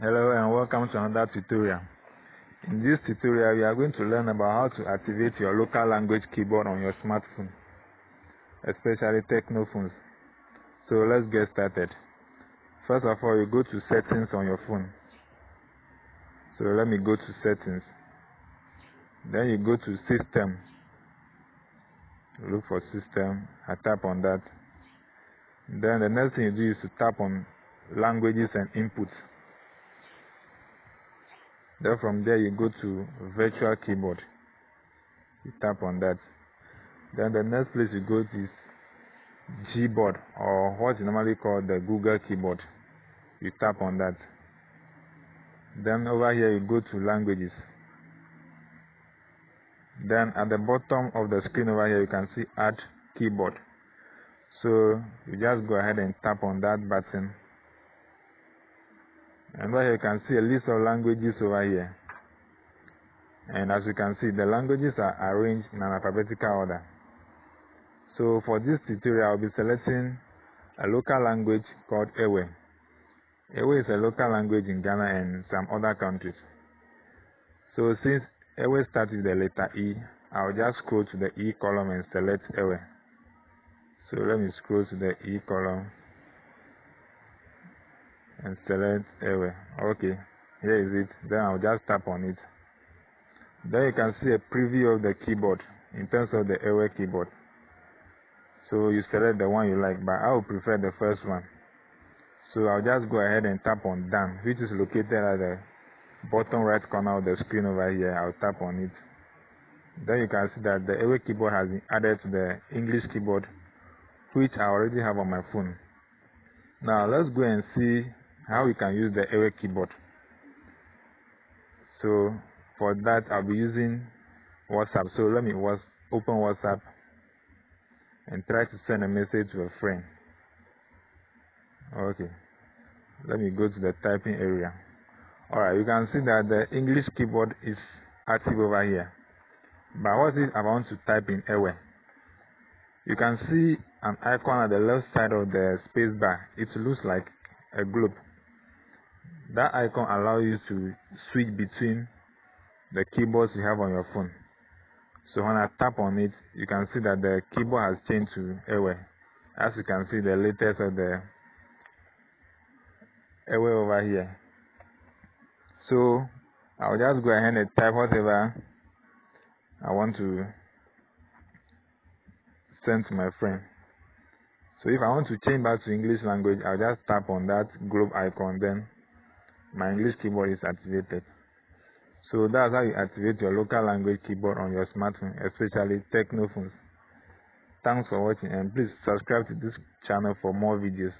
Hello and welcome to another tutorial. In this tutorial, we are going to learn about how to activate your local language keyboard on your smartphone, especially phones. So let's get started. First of all, you go to settings on your phone. So let me go to settings. Then you go to system. Look for system. I tap on that. Then the next thing you do is to tap on languages and inputs. Then from there you go to virtual keyboard. You tap on that. Then the next place you go to is Gboard or what is normally called the Google keyboard. You tap on that. Then over here you go to languages. Then at the bottom of the screen over here you can see add keyboard. So you just go ahead and tap on that button and here you can see a list of languages over here. And as you can see, the languages are arranged in an alphabetical order. So for this tutorial, I'll be selecting a local language called Ewe. Ewe is a local language in Ghana and some other countries. So since Ewe starts with the letter E, I'll just scroll to the E column and select Ewe. So let me scroll to the E column and select away. Okay, here is it. Then I'll just tap on it. Then you can see a preview of the keyboard in terms of the away keyboard. So you select the one you like, but I would prefer the first one. So I'll just go ahead and tap on done, which is located at the bottom right corner of the screen over here. I'll tap on it. Then you can see that the away keyboard has been added to the English keyboard, which I already have on my phone. Now let's go and see how you can use the Ewe keyboard. So for that, I'll be using WhatsApp. So let me was, open WhatsApp and try to send a message to a friend. Okay, let me go to the typing area. Alright, you can see that the English keyboard is active over here. But what if I want to type in Ewe? You can see an icon at the left side of the spacebar. It looks like a globe that icon allows you to switch between the keyboards you have on your phone. So when I tap on it, you can see that the keyboard has changed to Ewe. As you can see, the latest of the Ewe over here. So I'll just go ahead and type whatever I want to send to my friend. So if I want to change back to English language, I'll just tap on that globe icon then My English keyboard is activated. So that's how you activate your local language keyboard on your smartphone, especially techno phones. Thanks for watching and please subscribe to this channel for more videos.